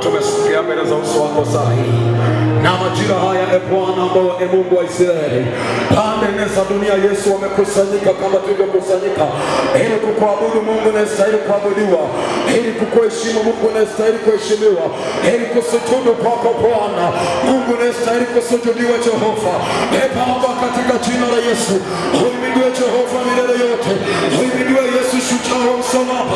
tumesikia mbele za uso wako saa na majira haya, e Bwana ambao e Mungu wa Israeli, pande nne za dunia, Yesu, wamekusanyika kama tulivyokusanyika ili kukuabudu Mungu anayestahili kuabudiwa, ili kukuheshimu Mungu anayestahili kuheshimiwa, ili kusujudu kwako Bwana Mungu anayestahili kusujudiwa, Jehova e Baba, katika jina la Yesu. Uhimidiwe Jehova milele yote, uhimidiwe Yesu shujaa wa msalaba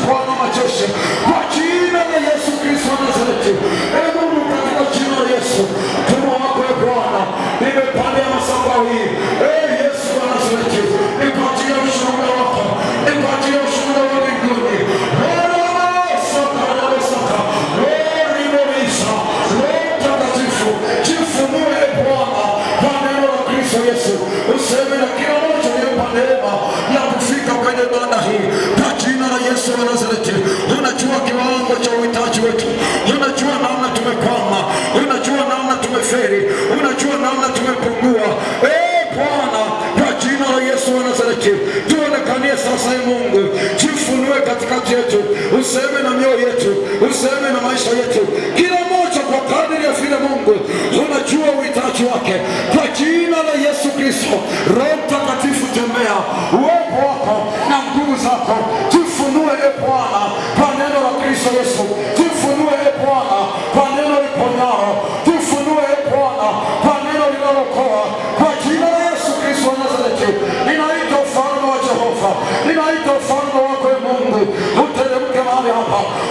mikono machozi kwa jina la Yesu Kristo wa Nazareti. Ee Mungu, katika jina la Yesu mtumwa wako e Bwana, nimepanda madhabahu hii. Ee Yesu wa Nazareti, nipatie ushuhuda wako, nipatie kwetu. Unajua naona tumekwama, unajua naona tumeferi, unajua naona tumepungua. E Bwana, kwa jina la Yesu wa Nazareti, tuonekanie sasa, e Mungu, jifunue katikati yetu, useme na mioyo yetu, useme na maisha yetu, kila moja kwa kadiri ya vile Mungu unajua uhitaji wake, kwa jina la Yesu Kristo. Nibariki ufalme wako Mungu, uteremke mahali hapa